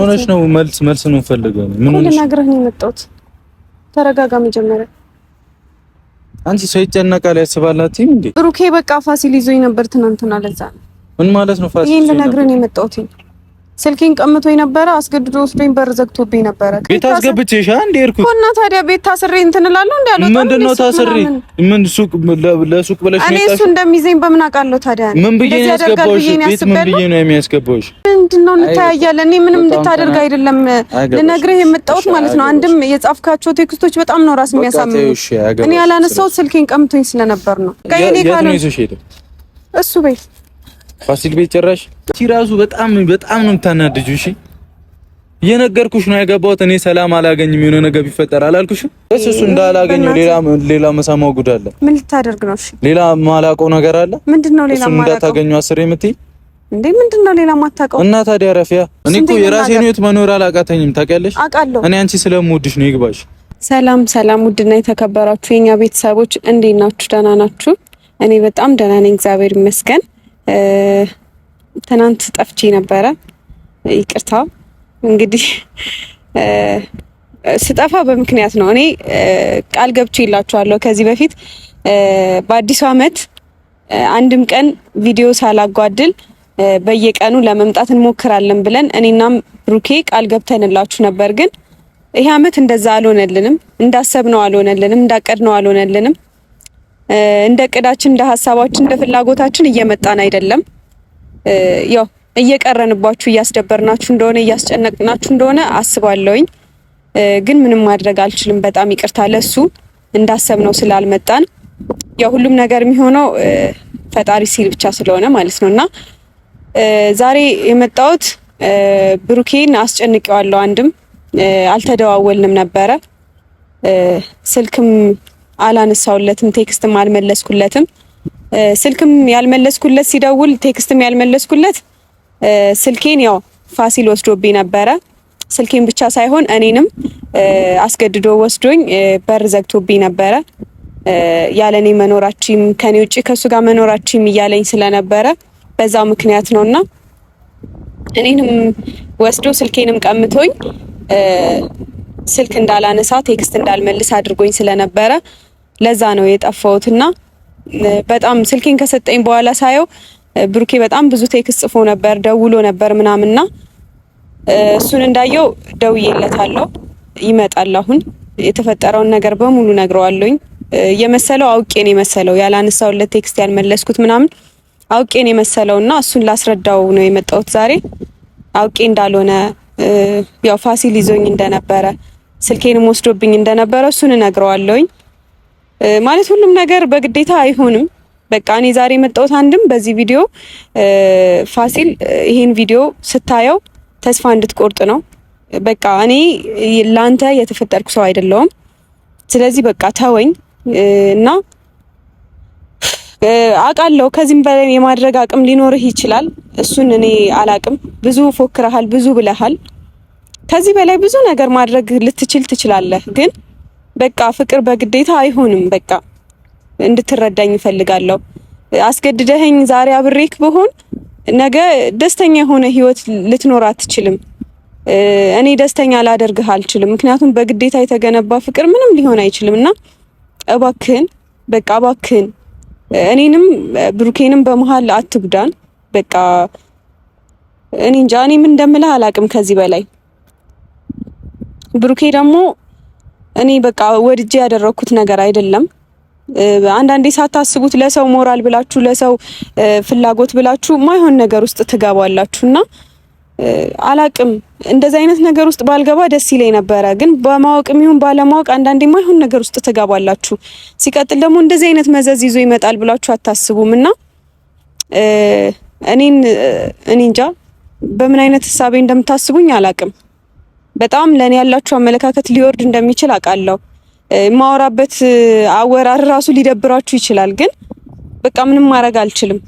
ሆነሽ ነው መልስ መልስ ነው ፈልገው ምን ሆነሽ ልነግርህ ነው የመጣሁት። ተረጋጋ መጀመሪያ አንቺ ሰው ይጨነቃል ያስባል እንዴ? ብሩኬ በቃ ፋሲል ይዞኝ ነበር ትናንትና ለዛ ነው። ምን ማለት ነው ፋሲል? ይሄን ልነግርህ ነው የመጣሁት ስልኬን ቀምቶ የነበረ አስገድዶ ወስዶኝ በር ዘግቶብኝ ነበረ። ቤት አስገብቼሽ እንደ ሄድኩት እኮ እና ታዲያ ቤት ታስሬ እንትን እላለሁ እንደ አልወጣም። ምንድን ነው ታስሬ? ምን ሱቅ ለሱቅ ብለሽ ነው? እኔ እሱ እንደሚይዘኝ በምን አውቃለሁ ታዲያ? ምን ብዬ ነው ያስገባሁሽ? ቤት ምን ብዬ ነው የሚያስገባሁሽ? ምንድን ነው እንታያያለን። እኔ ምንም እንድታደርግ አይደለም ልነግርህ የመጣሁት ማለት ነው። አንድም የጻፍካቸው ቴክስቶች በጣም ነው ራስ የሚያሳምኑ። እኔ ያላነሳሁት ስልኬን ቀምቶኝ ስለነበር ነው። ቀይኔ ካልሆነ እሱ ቤት ፋሲል ቤት ጭራሽ እቺ ራሱ በጣም በጣም ነው የምታናድጁ። እሺ የነገርኩሽ ነው ያገባሁት። እኔ ሰላም አላገኝም፣ የሆነ ነገር ቢፈጠር አላልኩሽም? እሱ እሱ እንዳላገኝ ሌላ ሌላ መሰማው ጉድ አለ። ምን ልታደርግ ነው? እሺ ሌላ ማላውቀው ነገር አለ። ምንድነው? ሌላ ማላውቀው እንዳታገኙ አስሬ የምትይ እንዴ? ምንድነው? ሌላ ማታውቀው እና ታዲያ ረፊያ፣ እኔ እኮ የራሴን ህይወት መኖር አላቃተኝም። ታውቂያለሽ፣ አውቃለሁ። እኔ አንቺ ስለምወድሽ ነው ይግባሽ። ሰላም ሰላም፣ ውድና የተከበራችሁ የኛ ቤተሰቦች እንዴት ናችሁ? ደህና ናችሁ? እኔ በጣም ደህና ነኝ፣ እግዚአብሔር ይመስገን። ትናንት ጠፍቼ ነበረ። ይቅርታ እንግዲህ ስጠፋ በምክንያት ነው። እኔ ቃል ገብቼ ይላችኋለሁ ከዚህ በፊት በአዲሱ ዓመት አንድም ቀን ቪዲዮ ሳላጓድል በየቀኑ ለመምጣት እንሞክራለን ብለን እኔናም ብሩኬ ቃል ገብተንላችሁ ነበር። ግን ይሄ ዓመት እንደዛ አልሆነልንም፣ እንዳሰብነው አልሆነልንም፣ እንዳቀድነው አልሆነልንም። እንደ እቅዳችን፣ እንደ ሀሳባችን፣ እንደ ፍላጎታችን እየመጣን አይደለም። ያው እየቀረንባችሁ፣ እያስደበርናችሁ እንደሆነ እያስጨነቅናችሁ እንደሆነ አስባለሁኝ። ግን ምንም ማድረግ አልችልም። በጣም ይቅርታ ለሱ እንዳሰብነው ስላልመጣን ያው ሁሉም ነገር የሚሆነው ፈጣሪ ሲል ብቻ ስለሆነ ማለት ነው እና ዛሬ የመጣሁት ብሩኬን አስጨንቄዋለሁ። አንድም አልተደዋወልንም ነበረ ስልክም አላነሳውለትም፣ ቴክስትም አልመለስኩለትም፣ ስልክም ያልመለስኩለት ሲደውል ቴክስትም ያልመለስኩለት ስልኬን ያው ፋሲል ወስዶብኝ ነበረ። ስልኬን ብቻ ሳይሆን እኔንም አስገድዶ ወስዶኝ በር ዘግቶብኝ ነበረ። ያለኔ መኖራችም ከኔ ውጭ ከሱ ጋር መኖራችም እያለኝ ስለነበረ በዛ ምክንያት ነውና እኔንም ወስዶ ስልኬንም ቀምቶኝ ስልክ እንዳላነሳ ቴክስት እንዳልመልስ አድርጎኝ ስለነበረ ለዛ ነው የጠፋሁት እና በጣም ስልኬን ከሰጠኝ በኋላ ሳየው ብሩኬ በጣም ብዙ ቴክስት ጽፎ ነበር፣ ደውሎ ነበር ምናምንና እሱን እንዳየው ደውዬለታለሁ። ይመጣል አሁን የተፈጠረውን ነገር በሙሉ ነግረዋለሁኝ። የመሰለው አውቄ ነው የመሰለው ያላነሳውለት ቴክስት ያልመለስኩት ምናምን አውቄ ነው የመሰለውና እሱን ላስረዳው ነው የመጣሁት ዛሬ አውቄ እንዳልሆነ ያው ፋሲል ይዞኝ እንደነበረ ስልኬንም ወስዶብኝ እንደነበረ እሱን እነግረዋለሁኝ። ማለት ሁሉም ነገር በግዴታ አይሆንም። በቃ እኔ ዛሬ የመጣሁት አንድም በዚህ ቪዲዮ ፋሲል ይሄን ቪዲዮ ስታየው ተስፋ እንድትቆርጥ ነው። በቃ እኔ ላንተ የተፈጠርኩ ሰው አይደለሁም። ስለዚህ በቃ ተወኝ እና አውቃለሁ ከዚህም በላይ የማድረግ አቅም ሊኖርህ ይችላል። እሱን እኔ አላቅም። ብዙ ፎክረሃል፣ ብዙ ብለሃል። ከዚህ በላይ ብዙ ነገር ማድረግ ልትችል ትችላለህ ግን በቃ ፍቅር በግዴታ አይሆንም። በቃ እንድትረዳኝ እፈልጋለሁ። አስገድደኸኝ ዛሬ አብሬክ ብሆን ነገ ደስተኛ የሆነ ህይወት ልትኖር አትችልም። እኔ ደስተኛ ላደርግህ አልችልም። ምክንያቱም በግዴታ የተገነባ ፍቅር ምንም ሊሆን አይችልም እና እባክህን በቃ እባክህን እኔንም ብሩኬንም በመሀል አትጉዳን። በቃ እኔ እንጃ እኔ እንደምልህ አላቅም ከዚህ በላይ ብሩኬ ደግሞ እኔ በቃ ወድጄ ያደረኩት ነገር አይደለም። አንዳንዴ ሳታስቡት ለሰው ሞራል ብላችሁ ለሰው ፍላጎት ብላችሁ ማይሆን ነገር ውስጥ ትገባላችሁና አላቅም እንደዚህ አይነት ነገር ውስጥ ባልገባ ደስ ይለኝ ነበረ። ግን በማወቅም ይሁን ባለማወቅ አንዳንዴ ማይሆን ነገር ውስጥ ትገባላችሁ። ሲቀጥል ደግሞ እንደዚህ አይነት መዘዝ ይዞ ይመጣል ብላችሁ አታስቡም እና እኔን እኔ እንጃ በምን አይነት ህሳቤ እንደምታስቡኝ አላቅም። በጣም ለእኔ ያላችሁ አመለካከት ሊወርድ እንደሚችል አውቃለሁ። የማወራበት አወራር ራሱ ሊደብራችሁ ይችላል። ግን በቃ ምንም ማድረግ አልችልም።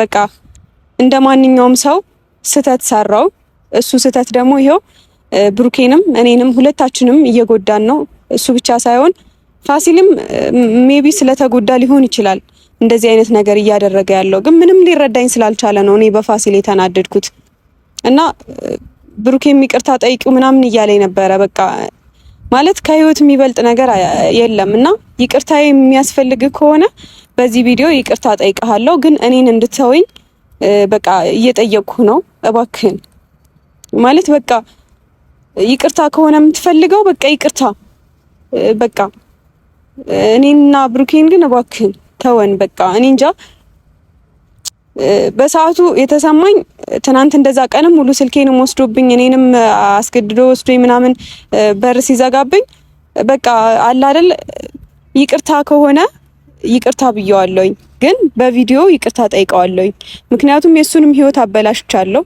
በቃ እንደ ማንኛውም ሰው ስህተት ሰራው። እሱ ስህተት ደግሞ ይኸው ብሩኬንም እኔንም ሁለታችንም እየጎዳን ነው። እሱ ብቻ ሳይሆን ፋሲልም ሜቢ ስለተጎዳ ሊሆን ይችላል እንደዚህ አይነት ነገር እያደረገ ያለው ግን ምንም ሊረዳኝ ስላልቻለ ነው እኔ በፋሲል የተናደድኩት እና ብሩኬም ይቅርታ ጠይቂው ምናምን እያለኝ ነበረ። በቃ ማለት ከህይወት የሚበልጥ ነገር የለም እና ይቅርታ የሚያስፈልግ ከሆነ በዚህ ቪዲዮ ይቅርታ ጠይቀሃለሁ፣ ግን እኔን እንድትተወኝ በቃ እየጠየቅኩ ነው። እባክህን ማለት በቃ ይቅርታ ከሆነ የምትፈልገው በቃ ይቅርታ በቃ እኔና ብሩኬን ግን እባክህን ተወን። በቃ እኔ እንጃ በሰዓቱ የተሰማኝ ትናንት እንደዛ ቀንም ሙሉ ስልኬንም ወስዶብኝ እኔንም አስገድዶ ወስዶ ምናምን በር ሲዘጋብኝ በቃ አለ አይደል ይቅርታ ከሆነ ይቅርታ ብየዋለሁኝ፣ ግን በቪዲዮ ይቅርታ ጠይቀዋለሁኝ። ምክንያቱም የእሱንም ህይወት አበላሽቻለሁ፣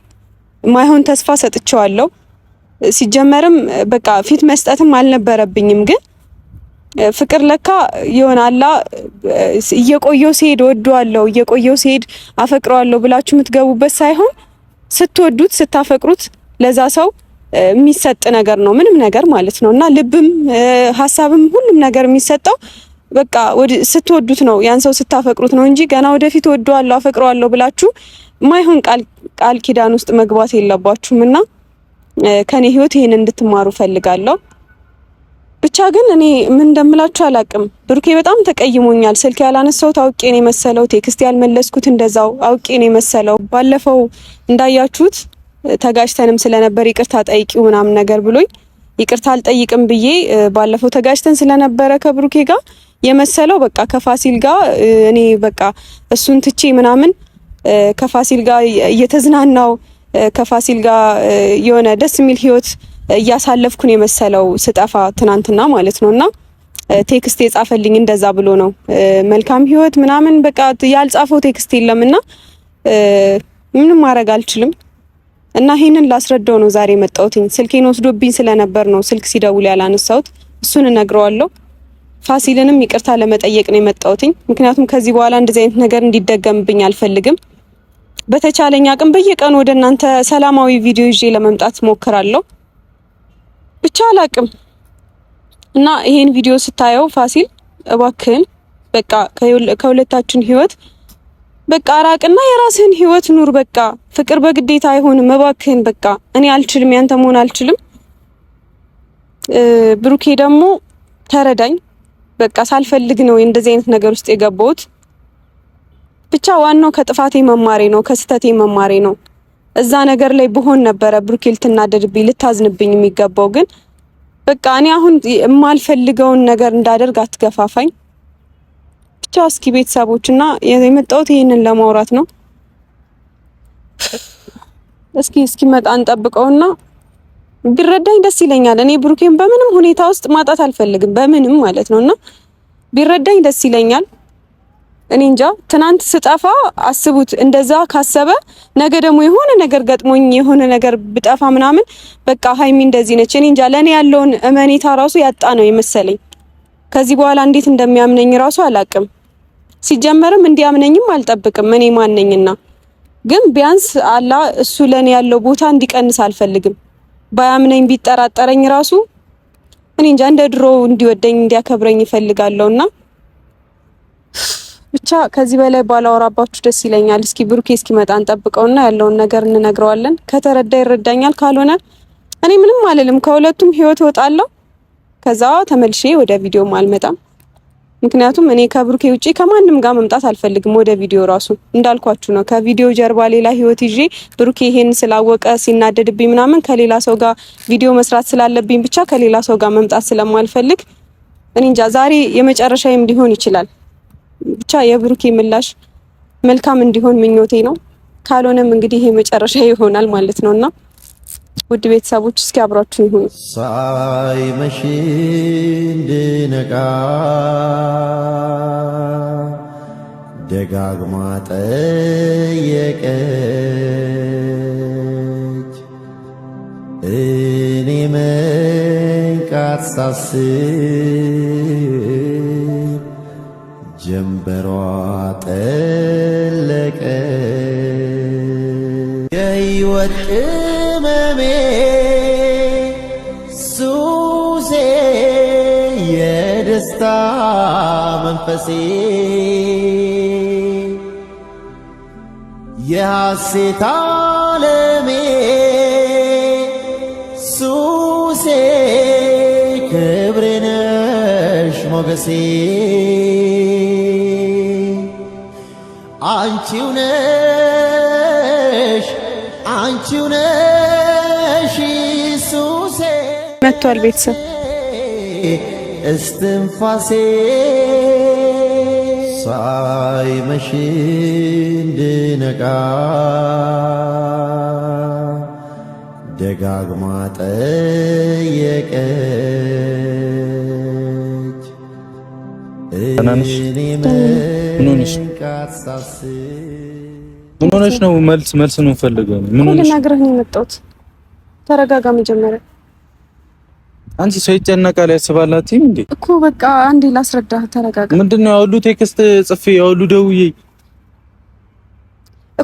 ማይሆን ተስፋ ሰጥቼዋለሁ። ሲጀመርም በቃ ፊት መስጠትም አልነበረብኝም ግን ፍቅር ለካ ይሆናላ እየቆየው ሲሄድ ወደዋለሁ እየቆየው ሲሄድ አፈቅረዋለሁ ብላችሁ የምትገቡበት ሳይሆን ስትወዱት ስታፈቅሩት ለዛ ሰው የሚሰጥ ነገር ነው፣ ምንም ነገር ማለት ነው። እና ልብም ሀሳብም ሁሉም ነገር የሚሰጠው በቃ ስትወዱት ነው፣ ያን ሰው ስታፈቅሩት ነው እንጂ ገና ወደፊት ወደዋለሁ አፈቅረዋለሁ ብላችሁ ማይሆን ቃል ኪዳን ውስጥ መግባት የለባችሁም። እና ከኔ ህይወት ይሄን እንድትማሩ ፈልጋለሁ። ብቻ ግን እኔ ምን እንደምላችሁ አላቅም። ብሩኬ በጣም ተቀይሞኛል። ስልክ ያላነሳሁት አውቄ ነው የመሰለው። ቴክስት ያልመለስኩት እንደዛው አውቄ ነው የመሰለው። ባለፈው እንዳያችሁት ተጋጅተንም ስለነበር ይቅርታ ጠይቂው ምናምን ነገር ብሎኝ ይቅርታ አልጠይቅም ብዬ ባለፈው ተጋጅተን ስለነበረ ከብሩኬ ጋር የመሰለው በቃ ከፋሲል ጋር እኔ በቃ እሱን ትቼ ምናምን ከፋሲል ጋር እየተዝናናው ከፋሲል ጋር የሆነ ደስ የሚል ህይወት እያሳለፍኩን የመሰለው ስጠፋ ትናንትና ማለት ነው እና ቴክስት የጻፈልኝ እንደዛ ብሎ ነው መልካም ህይወት ምናምን በቃ ያልጻፈው ቴክስት የለም እና ምንም ማድረግ አልችልም እና ይሄንን ላስረዳው ነው ዛሬ የመጣሁትኝ። ስልኬን ወስዶብኝ ስለነበር ነው ስልክ ሲደውል ያላነሳሁት። እሱን እነግረዋለሁ። ፋሲልንም ይቅርታ ለመጠየቅ ነው የመጣሁትኝ። ምክንያቱም ከዚህ በኋላ እንደዚህ አይነት ነገር እንዲደገምብኝ አልፈልግም። በተቻለኝ አቅም በየቀኑ ወደ እናንተ ሰላማዊ ቪዲዮ ይዤ ለመምጣት ሞክራለሁ። ብቻ አላቅም እና ይሄን ቪዲዮ ስታየው ፋሲል እባክህን በቃ ከሁለታችን ህይወት በቃ አራቅና የራስህን ህይወት ኑር። በቃ ፍቅር በግዴታ አይሆንም። እባክህን በቃ እኔ አልችልም፣ ያንተ መሆን አልችልም። ብሩኬ ደግሞ ተረዳኝ። በቃ ሳልፈልግ ነው እንደዚህ አይነት ነገር ውስጥ የገባሁት። ብቻ ዋናው ከጥፋቴ መማሬ ነው፣ ከስህተቴ መማሬ ነው። እዛ ነገር ላይ ብሆን ነበረ ብሩኬ ልትናደድብኝ ልታዝንብኝ የሚገባው ግን በቃ እኔ አሁን የማልፈልገውን ነገር እንዳደርግ አትገፋፋኝ። ብቻ እስኪ ቤተሰቦች እና የመጣሁት ይህንን ለማውራት ነው። እስኪ እስኪመጣ እንጠብቀውና ቢረዳኝ ደስ ይለኛል። እኔ ብሩኬን በምንም ሁኔታ ውስጥ ማጣት አልፈልግም፣ በምንም ማለት ነው እና ቢረዳኝ ደስ ይለኛል። እኔ እንጃ ትናንት ስጠፋ አስቡት። እንደዛ ካሰበ ነገ ደግሞ የሆነ ነገር ገጥሞኝ የሆነ ነገር ብጠፋ ምናምን በቃ ሀይሚ እንደዚህ ነች። እኔ እንጃ ለእኔ ያለውን እመኔታ ራሱ ያጣ ነው የመሰለኝ። ከዚህ በኋላ እንዴት እንደሚያምነኝ ራሱ አላቅም። ሲጀመርም እንዲያምነኝም አልጠብቅም። እኔ ማነኝና ግን ቢያንስ አላ እሱ ለእኔ ያለው ቦታ እንዲቀንስ አልፈልግም። ባያምነኝ ቢጠራጠረኝ ራሱ እኔ እንጃ እንደ ድሮ እንዲወደኝ እንዲያከብረኝ ይፈልጋለሁና ብቻ ከዚህ በላይ ባላወራባችሁ ደስ ይለኛል። እስኪ ብሩኬ እስኪመጣ እንጠብቀውና ያለውን ነገር እንነግረዋለን። ከተረዳ ይረዳኛል፣ ካልሆነ እኔ ምንም አልልም። ከሁለቱም ህይወት እወጣለሁ። ከዛ ተመልሼ ወደ ቪዲዮም አልመጣም። ምክንያቱም እኔ ከብሩኬ ውጪ ከማንም ጋር መምጣት አልፈልግም። ወደ ቪዲዮ ራሱ እንዳልኳችሁ ነው። ከቪዲዮ ጀርባ ሌላ ህይወት ይዤ ብሩኬ ይሄን ስላወቀ ሲናደድብኝ ምናምን ከሌላ ሰው ጋር ቪዲዮ መስራት ስላለብኝ ብቻ ከሌላ ሰው ጋር መምጣት ስለማልፈልግ እኔ እንጃ ዛሬ የመጨረሻዬም ሊሆን ይችላል። ብቻ የብሩኬ ምላሽ መልካም እንዲሆን ምኞቴ ነው። ካልሆነም እንግዲህ ይሄ መጨረሻ ይሆናል ማለት ነው እና ውድ ቤተሰቦች እስኪ አብራችሁ ይሁኑ። ሳይመሽ እንድነቃ ደጋግማ ጠየቀች። እኔ መንቃት ሳስብ ጀንበሯ ጠለቀ የሕይወት ቅመሜ ሱሴ የደስታ መንፈሴ የሐሴት ዓለሜ ሱሴ ክብሬ ነሽ ሞገሴ አንቺው ነሽ አንቺው ነሽ ኢየሱሴ መጥቷል። ቤተሰብ እስትንፋሴ ሳይመሽ እንድነቃ ደጋግማ ጠየቀች። ምን ሆነሽ ነው? መልስ መልስ ነው ፈልገው ምን ሆነሽ ልነግርህ ነው የመጣሁት። ተረጋጋ መጀመሪያ። አንቺ ሰው ይጨነቃል ያስባል አትይም እንዴ? እኮ በቃ አንዴ ላስረዳህ፣ ተረጋጋ። ምንድነው? ነው ያው ቴክስት ጽፌ ያው ደውዬ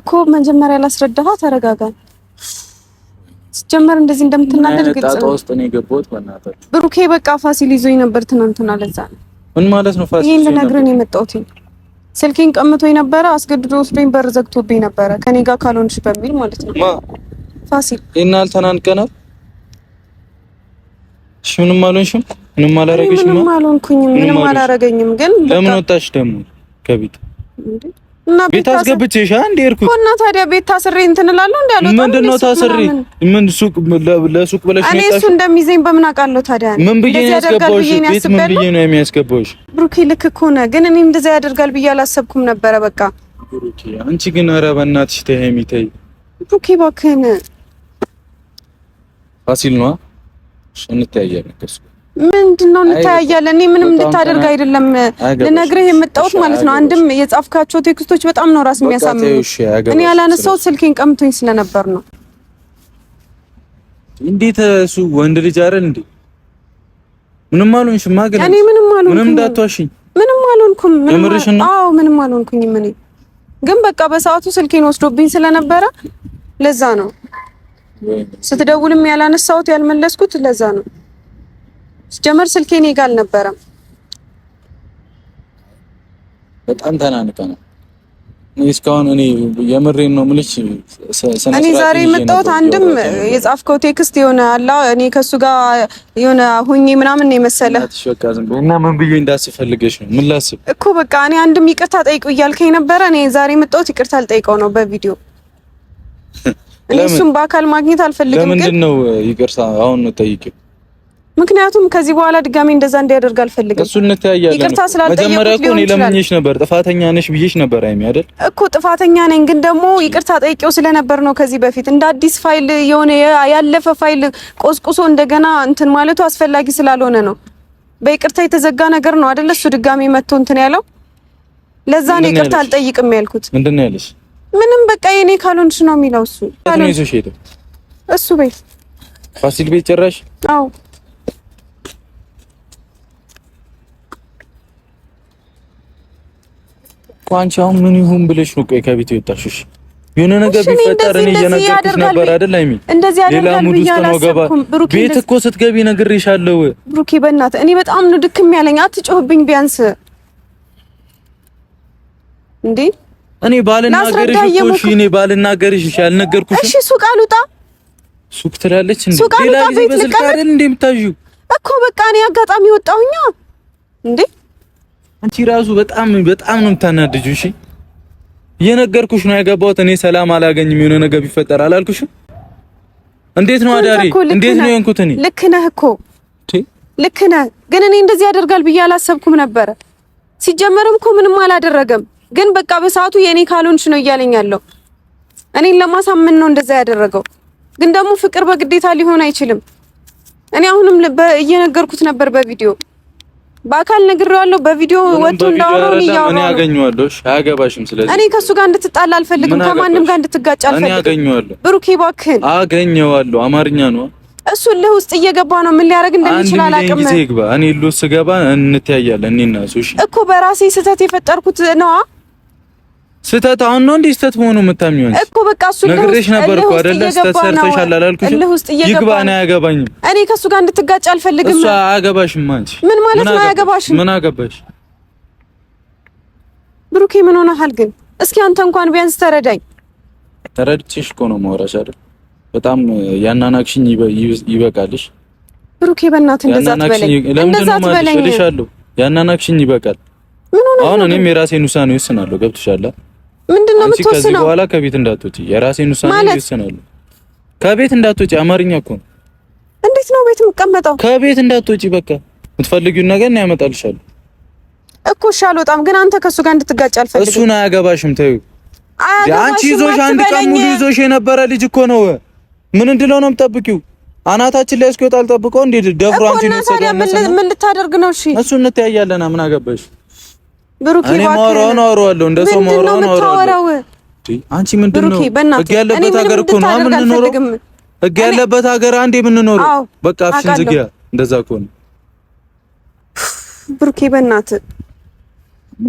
እኮ መጀመሪያ ላስረዳህ፣ ተረጋጋ። ሲጀመር እንደዚህ እንደምትናደድ ግልጽ ነው። ውስጥ ነው የገባሁት። በእናታችሁ ብሩኬ፣ በቃ ፋሲል ይዞኝ ነበር ትናንትና። ለዛ ምን ማለት ነው ፋሲል ይሄን ልነግርህ ነው የመጣሁት። ስልኬን ቀምቶኝ ነበረ። አስገድዶ ወስዶኝ በር ዘግቶብኝ ነበረ። ከኔ ጋር ካልሆንሽ በሚል ማለት ነው። ፋሲል ይሄን ያህል ተናንቀናል። እሺ ምንም አልሆንሽም፣ ምንም አላረገሽም። ምንም አልሆንኩኝም፣ ምንም አላረገኝም። ግን ለምን ወጣሽ ደግሞ ከቤት? እና ቤት እና ታዲያ ቤት ታስሬ እንትን እላለሁ አልወጣም። ምንድን ነው ታስሬ? ምን ሱቅ ለሱቅ ብለሽ እኔ እሱ በምን አውቃለሁ? ታዲያ ምን ብዬሽ ያስገባሁሽ? ቤት ምን ነው የሚያስገባሁሽ? ብሩኬ ልክ እኮ ነህ፣ ግን እኔ እንደዛ ያደርጋል ብዬ አላሰብኩም ነበረ። በቃ ብሩኬ፣ አንቺ ግን ኧረ በእናትሽ ተይ ሀይሚ ተይ። ብሩኬ እባክህን። ፋሲል ነዋ ከእሱ ምንድን ነው እንታያያለን። እኔ ምንም እንድታደርግ አይደለም ልነግርህ የመጣሁት ማለት ነው። አንድም የጻፍካቸው ቴክስቶች በጣም ነው ራስ የሚያሳምኑ። እኔ ያላነሳሁት ስልኬን ቀምቶኝ ስለነበር ነው። እንዴት እሱ ወንድ ልጅ አረ እንዴ? ምንም አልሆንሽም። ማገለ እኔ ምንም አልሆንኩም። ምንም እንዳትዋሽኝ። ምንም አልሆንኩም። ምንም አዎ፣ ምንም አልሆንኩኝም። ምን ግን በቃ በሰዓቱ ስልኬን ወስዶብኝ ስለነበረ ለዛ ነው ስትደውልም ያላነሳሁት ያልመለስኩት ለዛ ነው። ሲጀመር ስልኬ እኔ ጋር አልነበረም። በጣም ተናንቀና ነው። እኔ እስካሁን እኔ የምሬን ነው የምልሽ። እኔ ዛሬ የመጣሁት አንድም የጻፍከው ቴክስት የሆነ አላ እኔ ከሱ ጋር የሆነ ሁኜ ምናምን ነው የመሰለህ እና ምን ብዬ እንዳስፈልገሽ ነው ምን ላስብ እኮ በቃ እኔ አንድም ይቅርታ ጠይቁ እያልከኝ ነበረ። እኔ ዛሬ የመጣሁት ይቅርታ አልጠይቀው ነው በቪዲዮ እኔ እሱም በአካል ማግኘት አልፈልግም። ግን ለምንድን ነው ይቅርታ አሁን ነው ጠይቂው ምክንያቱም ከዚህ በኋላ ድጋሚ እንደዛ እንዲያደርግ አልፈልግም። እሱ እንተያያለን። ይቅርታ ስላልጠየቁት መጀመሪያ እኮ እኔ ለምኜሽ ነበር፣ ጥፋተኛ ነሽ ብዬሽ ነበር። አይሚ አይደል እኮ ጥፋተኛ ነኝ፣ ግን ደግሞ ይቅርታ ጠይቄው ስለነበር ነው። ከዚህ በፊት እንደ አዲስ ፋይል የሆነ ያለፈ ፋይል ቆስቁሶ እንደገና እንትን ማለቱ አስፈላጊ ስላልሆነ ነው። በይቅርታ የተዘጋ ነገር ነው አይደል? እሱ ድጋሚ መጥቶ እንትን ያለው ለዛ ነው ይቅርታ አልጠይቅም ያልኩት። ምንድን ነው ያለሽ? ምንም በቃ የኔ ካልሆንሽ ነው የሚለው እሱ። እሱ ቤት ፋሲል ቤት ጭራሽ አዎ አንቺ አሁን ምን ይሁን ብለሽ ነው ቆይ ከቤት የወጣሽሽ? የሆነ ነገር ቢፈጠር እኔ እየነገርኩሽ ነበር አይደል? አይሚ እንደዚህ ያደርጋል ብዬሽ ነው ገባ። ቤት እኮ ስትገቢ ነግሬሻለሁ። ብሩኬ በእናትህ እኔ በጣም ነው ድክም ያለኝ። አትጮህብኝ ቢያንስ እንዴ። እኔ ባልናገርሽ እኮ እሺ፣ እኔ ባልናገርሽ እሺ፣ አልነገርኩሽም። እሺ ሱቅ አልወጣ ሱቅ ትላለች እንዴ? ሌላ ቤት ልቀር እንዴ? እንደምታዩ እኮ በቃ እኔ አጋጣሚ ወጣሁኛ እንዴ አንቺ ራሱ በጣም በጣም ነው የምታናድጂው። እሺ የነገርኩሽ ነው ያገባሁት። እኔ ሰላም አላገኝም፣ የሆነ ነገር ቢፈጠር አላልኩሽም? እንዴት ነው አዳሪ? እንዴት ነው የሆንኩት? እኔ ልክ ነህ እኮ ልክ ነህ፣ ግን እኔ እንደዚህ ያደርጋል ብዬ አላሰብኩም ነበረ። ሲጀመርም እኮ ምንም አላደረገም፣ ግን በቃ በሰዓቱ የኔ ካልሆንሽ ነው እያለኝ ያለው እኔን ለማሳመን ነው እንደዛ ያደረገው። ግን ደግሞ ፍቅር በግዴታ ሊሆን አይችልም። እኔ አሁንም እየነገርኩት ነበር በቪዲዮ በአካል ነግሬዋለሁ። በቪዲዮ ወጡ እንዳወራው ነው እኔ አገኘዋለሁ። እሺ፣ አያገባሽም። ስለዚህ እኔ ከሱ ጋር እንድትጣላ አልፈልግም። ከማንም ጋር እንድትጋጭ አልፈልግም። እኔ አገኘዋለሁ። ብሩኬ እባክህን፣ አገኘዋለሁ። አማርኛ ነው። እሱ እልህ ውስጥ እየገባ ነው። ምን ሊያደርግ እንደሚችል አላውቅም። እኔ እልህ ውስጥ ስገባ እንተያያለን እኔ እና እሱ። እሺ እኮ በራሴ ስህተት የፈጠርኩት ነዋ ስህተት አሁን ነው እንዴ? ስህተት መሆኑ የምታምኚው እኮ በቃ እሱ ነግሬሽ ነበር እኮ አይደለ? ስህተት ሰርተሻል አላልኩሽ? ይግባ ነው አያገባኝም። እኔ ከእሱ ጋር እንድትጋጭ አልፈልግም። እሱ አያገባሽም። አንቺ ምን ማለት ነው አያገባሽም? ምን አገባሽ? ብሩኬ ምን ሆነሃል ግን? እስኪ አንተ እንኳን ቢያንስ ተረዳኝ። ተረድቼሽ እኮ ነው የማወራሽ አይደል? በጣም ያናናቅሽኝ ይበቃልሽ። ብሩኬ በእናትህ እንደዛ አትበለኝ፣ እንደዛ አትበለኝ። ያናናቅሽኝ ይበቃል። አሁን እኔም የራሴን ውሳኔ ወስናለሁ። ገብቶሻል? ምንድን ነው የምትወስነው? ከዚህ በኋላ ከቤት እንዳትወጪ፣ የራሴን ውሳኔ ይወስናሉ። ከቤት እንዳትወጪ፣ አማርኛ እኮ ነው። እንዴት ነው ቤት የምቀመጠው? ከቤት እንዳትወጪ፣ በቃ የምትፈልጊውን ነገር እኮ። እሺ አልወጣም፣ ግን አንተ ከእሱ ጋር እንድትጋጭ አልፈልግም። እሱን አያገባሽም፣ ተይው። አንቺ ይዞሽ አንድ ቀን ሙሉ ይዞሽ የነበረ ልጅ እኮ ነው። ምን እንድለው ነው የምጠብቂው? አናታችን ላይ እስኪወጣ አልጠብቀው አንቺ ነው ምን ልታደርግ ነው? እሺ እንተያያለና ምን አገባሽ? ብሩኬ ኖሮ ኖሮ አለው እንደ ሰው ኖሮ ኖሮ አለው። አንቺ ምንድን ነው ህግ ያለበት ሀገር እኮ ነው የምንኖረው። ህግ ያለበት ሀገር አንዴ የምንኖረው በቃ አፍሽን ዝጊያ። እንደዛ ከሆነ ብሩኬ በእናትህ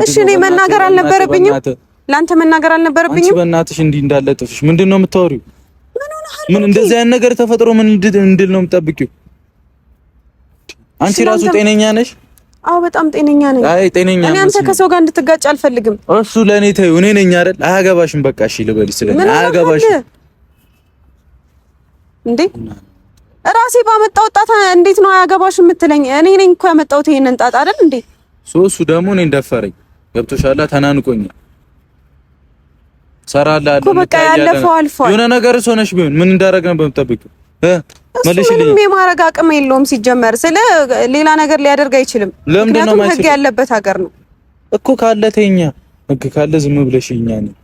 እሺ። እኔ መናገር አልነበረብኝም፣ ለአንተ መናገር አልነበረብኝም። አንቺ በእናትሽ እንዲህ እንዳለ ጥፍሽ ምንድን ነው የምታወሪው? ምን እንደዚህ አይነት ነገር ተፈጥሮ ምን እንድል ነው የምጠብቂው? አንቺ ራሱ ጤነኛ ነሽ? አዎ በጣም ጤነኛ ነኝ። አይ ጤነኛ ነኝ። አንተ ከሰው ጋር እንድትጋጭ አልፈልግም። እሱ ለኔ ተይው፣ እኔ ነኝ አይደል? አያገባሽም። በቃ እሺ ልበል ስለኝ አያገባሽም። እንዴ ራሴ ባመጣው ጣጣ እንዴት ነው አያገባሽ የምትለኝ? እኔ ነኝ እኮ ያመጣሁት ይሄንን ጣጣ አይደል እንዴ? ሶሱ እሱ ደግሞ እኔን ደፈረኝ። ገብቶሻላ? ተናንቆኝ ሰራላ አለ በቃ ያለፈው አልፏል። የሆነ ነገር ሆነሽ ቢሆን ምን እንዳደረግ ነበር እ እሱ ምንም የማረግ አቅም የለውም ሲጀመር። ስለ ሌላ ነገር ሊያደርግ አይችልም። ምክንያቱም ህግ ያለበት ሀገር ነው እኮ ካለ ተኛ ህግ ካለ ዝም ብለሽ እኛ ነው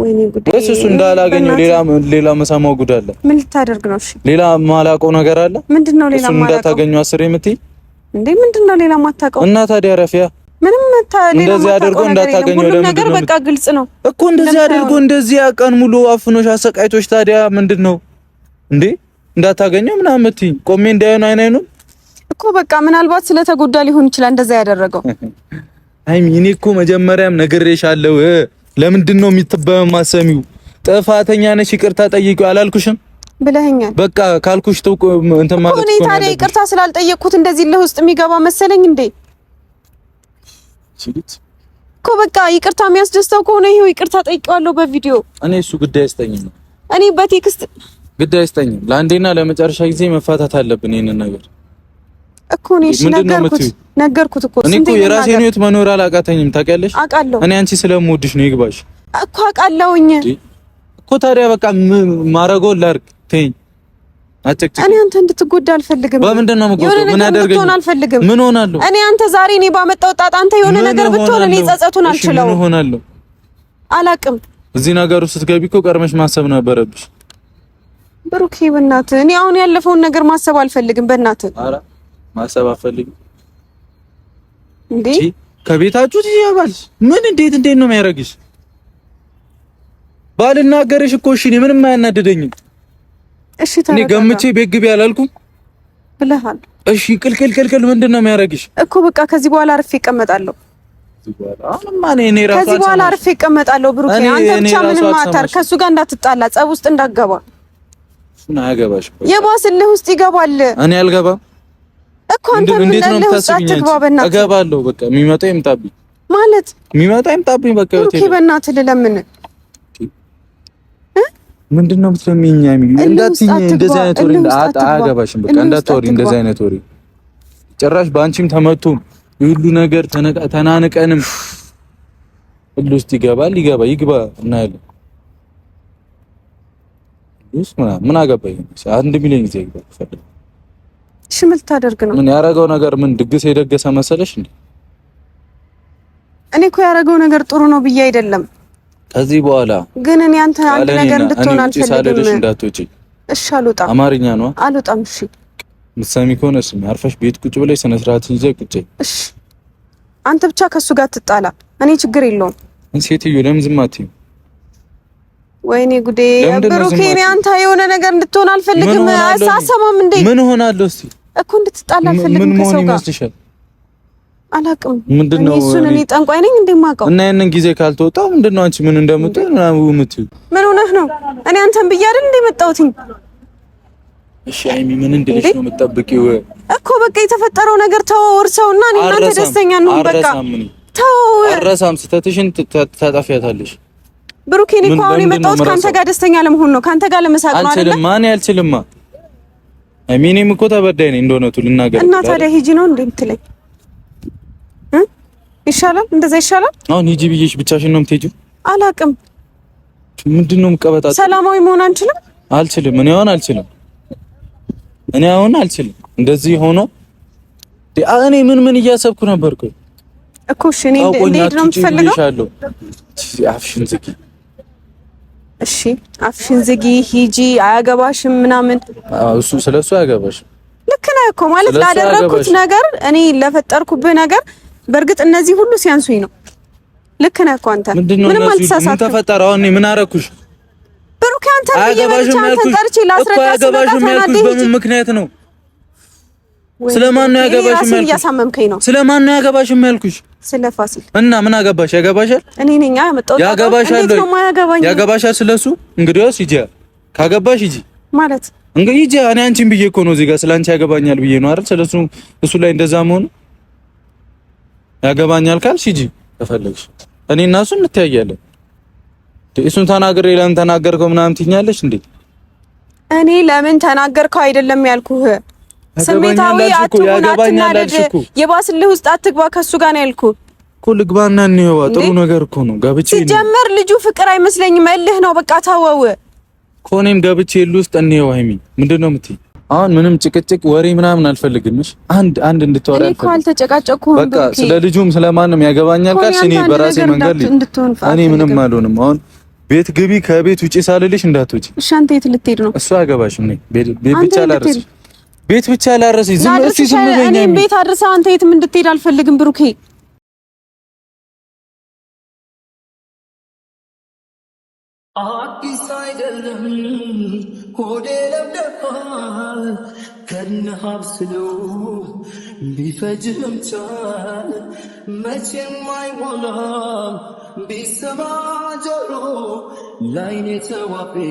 ወይስ እሱ እንዳላገኘው ሌላ ሌላ መሳማው ጉድ አለ። ምን ልታደርግ ነው? እሺ ሌላ ማላውቀው ነገር አለ። ምንድነው? ሌላ ማላውቀው እንዳታገኘው አስሬ የምትይ እንዴ? ምንድነው? ሌላ ማታውቀው እና ታዲያ ረፊያ ምንም እንደዚህ አድርጎ እንዳታገኘው ሁሉም ነገር በቃ ግልጽ ነው እኮ እንደዚህ አድርጎ እንደዚህ ያቀን ሙሉ አፍኖሽ አሰቃይቶሽ ታዲያ ምንድነው እንዴ እንዳታገኘው ምናምን እትይ ቆሜ እንዳይሆን አይን አይኑ እኮ በቃ ምናልባት ስለተጎዳ ሊሆን ይችላል እንደዛ ያደረገው። አይሚ እኔ እኮ መጀመሪያም ነግሬሻለሁ። ለምንድን ነው ማሰሚው? ጥፋተኛ ነሽ፣ ይቅርታ ጠይቂው አላልኩሽም? ብለኸኛል። በቃ ካልኩሽ ተው እንትን ማለት ነው። እኔ ታዲያ ይቅርታ ስላልጠየቅኩት እንደዚህ ለውስጥ የሚገባ መሰለኝ እንዴ? እኮ በቃ ይቅርታ የሚያስደስተው ከሆነ ይሄው ይቅርታ ጠይቀዋለሁ በቪዲዮ። እኔ እሱ ጉዳይ ያስጠኝ ነው። እኔ በቴክስት ግድ አይስጠኝም። ለአንዴና ለመጨረሻ ጊዜ መፋታት አለብን ይሄንን ነገር እኮ ነው። ነገርኩት ነገርኩት እኮ እኔ እኮ የራሴን ህይወት መኖር አላቃተኝም። ታውቂያለሽ፣ አውቃለሁ። እኔ አንቺ ስለምወድሽ ነው ይግባሽ እኮ አውቃለሁኝ እኮ። ታዲያ በቃ ማረገው ላድርግ ተይኝ። እኔ አንተ እንድትጎዳ አልፈልግም። በምንድን ነው የምጎዳው? ምን አደርገኝ? ምን ሆናለሁ እኔ? አንተ ዛሬ እኔ ባመጣው ጣጣ አንተ የሆነ ነገር ብትሆን እኔ ጸጸቱን አልችለውም። ምን ሆናለሁ? አላቅም። እዚህ ነገር ስትገቢ እኮ ቀርመሽ ማሰብ ነበረብሽ። ብሩኬ በእናትህ እኔ አሁን ያለፈውን ነገር ማሰብ አልፈልግም። በእናትህ ኧረ ማሰብ አልፈልግም። እንዴ ከቤታችሁ ትያባልሽ ምን እንዴት እንዴት ነው የሚያደርግሽ? ባልናገርሽ እኮ እሺ፣ እኔ ምንም አያናደደኝም። እሺ ታዲያ እኔ ገምቼ ቤት ግቢ አላልኩም ብለሃል። እሺ ቅልቅል ቅልቅል ምንድን ነው የሚያደርግሽ? እኮ በቃ ከዚህ በኋላ አርፌ እቀመጣለሁ። ከዚህ በኋላ አርፌ እቀመጣለሁ። ብሩኬ አንተ ብቻ ምንም አታር ከእሱ ጋር እንዳትጣላ ጸብ ውስጥ እንዳትገባ እሱን አያገባሽ። የባስ የባስልህ ውስጥ ይገባል። እኔ አልገባም እኮ አንተ ምን ያለህ ውስጥ አትግባ። በእናትህ እገባለሁ። በቃ የሚመጣ ይምጣብኝ ማለት የሚመጣ ይምጣብኝ። በቃ ኦኬ፣ በእናትህ ልለምን ምንድን ነው የምትለምኚኝ? እንዳትዪኝ፣ እንደዚህ አይነት ወሬ አያገባሽም። በቃ እንዳትወሪ፣ እንደዚህ አይነት ወሬ ጭራሽ በአንቺም ተመቶ የሁሉ ነገር ተናንቀንም ሁሉ ውስጥ ይገባል። ይገባ ይግባ፣ እናያለን ውስጥ ምን አገባኝ። አንድ ሚሊዮን ጊዜ እሺ፣ ምን ልታደርግ ነው? ምን ያደረገው ነገር ምን ድግስ የደገሰ መሰለሽ እንዴ? እኔ እኮ ያደረገው ነገር ጥሩ ነው ብዬ አይደለም። ከዚህ በኋላ ግን እኔ አንተ አንድ ነገር እንድትሆን አልፈልግም። እንዳትወጪ እሺ። አልወጣም። አማርኛ ነው አልወጣም። እሺ፣ ምትሰሚ ከሆነ ስሚ፣ አርፈሽ ቤት ቁጭ ብለሽ ስነ ስርዓት ይዘሽ ቁጭ። እሺ፣ አንተ ብቻ ከሱ ጋር ትጣላ፣ እኔ ችግር የለውም። ሴትዮ ለምን ዝም አትይም? ወይኔ ጉዴ! ብሩኬ እኔ አንተ የሆነ ነገር እንድትሆን አልፈልግም። አሳሰማም እንዴ ምን ሆናለሁ? እስቲ እኮ እንድትጣላ አልፈልግም ከሰው ጋር አላውቅም። ምንድን ነው እሱን? እኔ ጠንቋይ ነኝ እንዴ የማውቀው? እና ያንን ጊዜ ካልተወጣው ምንድነው አንቺ ምን እንደምትሆን ምናምን የምትይው ምን ሆነህ ነው? እኔ አንተን ብዬሽ አይደል እንዴ የመጣሁትኝ? እሺ አይሚ ምን እንድልሽ ነው የምጠብቂው? እኮ በቃ የተፈጠረው ነገር ተወርሰውና እኔ እናንተ ደስተኛ ነው በቃ ተው። አረሳም ስተትሽን ታጠፊያታለሽ ብሩኬ እኔ እኮ አሁን የመጣሁት ከአንተ ጋር ደስተኛ ለመሆን ነው፣ ከአንተ ጋር ለመሳቅ ነው። አልችልም ማን ያልችልማ እኔም እኮ ተበዳይ ነኝ እንደሆነቱ ቱ ልናገር እና ታዲያ ሂጂ ነው እንዴ እንደምትለኝ ይሻላል፣ እንደዛ ይሻላል። አሁን ሂጂ ብዬሽ ብቻሽን ነው የምትሄጂው? አላቅም ምንድን ነው የምቀበጣ? ሰላማዊ መሆን አንችልም? አልችልም እኔ አሁን አልችልም፣ እኔ አሁን አልችልም። እንደዚህ ሆኖ እኔ ምን ምን እያሰብኩ ነበርኩ እኮ እሺ። እኔ እንዴት ነው የምትፈልገው? አፍሽን ዝጊ እሺ አፍሽን ዝጊ፣ ሂጂ፣ አያገባሽም ምናምን። እሱ ስለሱ አያገባሽም። ልክ ነህ እኮ ማለት ላደረኩት ነገር እኔ ለፈጠርኩብህ ነገር በእርግጥ እነዚህ ሁሉ ሲያንሱኝ ነው። ልክ ነህ እኮ አንተ ምንም አልተሳሳትኩም። ምን ተፈጠረ? አሁን እኔ ምን አደረኩሽ? ብሩክ አንተ ነው የበለቻን ተንጠርቼ ላስረዳሽ። አያገባሽም ያልኩሽ በምን ምክንያት ነው? ስለማን ነው ያገባሽ? እያሳመምከኝ ነው። ስለማን ነው ያገባሽ ያልኩሽ? ስለ ፋሲል እና ምን አገባሽ? ያገባሻል። እኔ ነኝ ያመጣሁት። ያገባሻል። እንዴት ነው የማያገባኝ? ያገባሻል። ስለሱ እንግዲያውስ ሂጂ። ካገባሽ ሂጂ ማለት እንግዲህ ሂጂ። እኔ አንቺን ብዬ እኮ ነው እዚህ ጋር ስለ ያገባኛል ብዬ ነው አይደል? ስለሱ እሱ ላይ እንደዛ መሆኑ ያገባኛል ካልሽ ሂጂ ከፈለግሽ እኔ እና እሱ እንተያያለን። እሱን ተናግሬ ለምን ተናገርከው ምናምን ትይኛለሽ እንዴ? እኔ ለምን ተናገርከው አይደለም ያልኩህ ስሜታዊ አትሁን፣ አትናደድ። የባስ ውስጥ አትግባ። ከሱ ጋር ነው ያልኩህ እኮ ልግባና እንየዋ። ጥሩ ነገር እኮ ነው። ገብቼ ሲጀመር ልጁ ፍቅር አይመስለኝም፣ እልህ ነው። በቃ ተወው እኮ እኔም ገብቼ እልህ ውስጥ እንየዋ። ሀይሚ ምንድን ነው የምትይኝ? አሁን ምንም ጭቅጭቅ ወሬ ምናምን አልፈልግም። እሺ አንድ አንድ እንድትወራ እኮ አልተጨቃጨቅኩም። በቃ ስለ ልጁም ስለማንም ያገባኛል ካልሽ እኔ በራሴ መንገድ እኔ ምንም አልሆንም። አሁን ቤት ግቢ፣ ከቤት ውጪ ሳልልሽ እንዳትወጪ። እሺ አንተ የት ልትሄድ ነው? እሱ አያገባሽም። እኔ ቤት ብቻ ላርስ ቤት ብቻ ላረሰኝ ዝም ብለሽ ዝም ብለኝ። እኔም ቤት አድርሳ አንተ የትም እንድትሄድ አልፈልግም ብሩኬ። አዲስ አይደለም ሆዴ ለምደፋል ቢፈጅም ቻል መቼም አይሞላም ቢሰማ ጆሮ ላይኔ ተዋፌ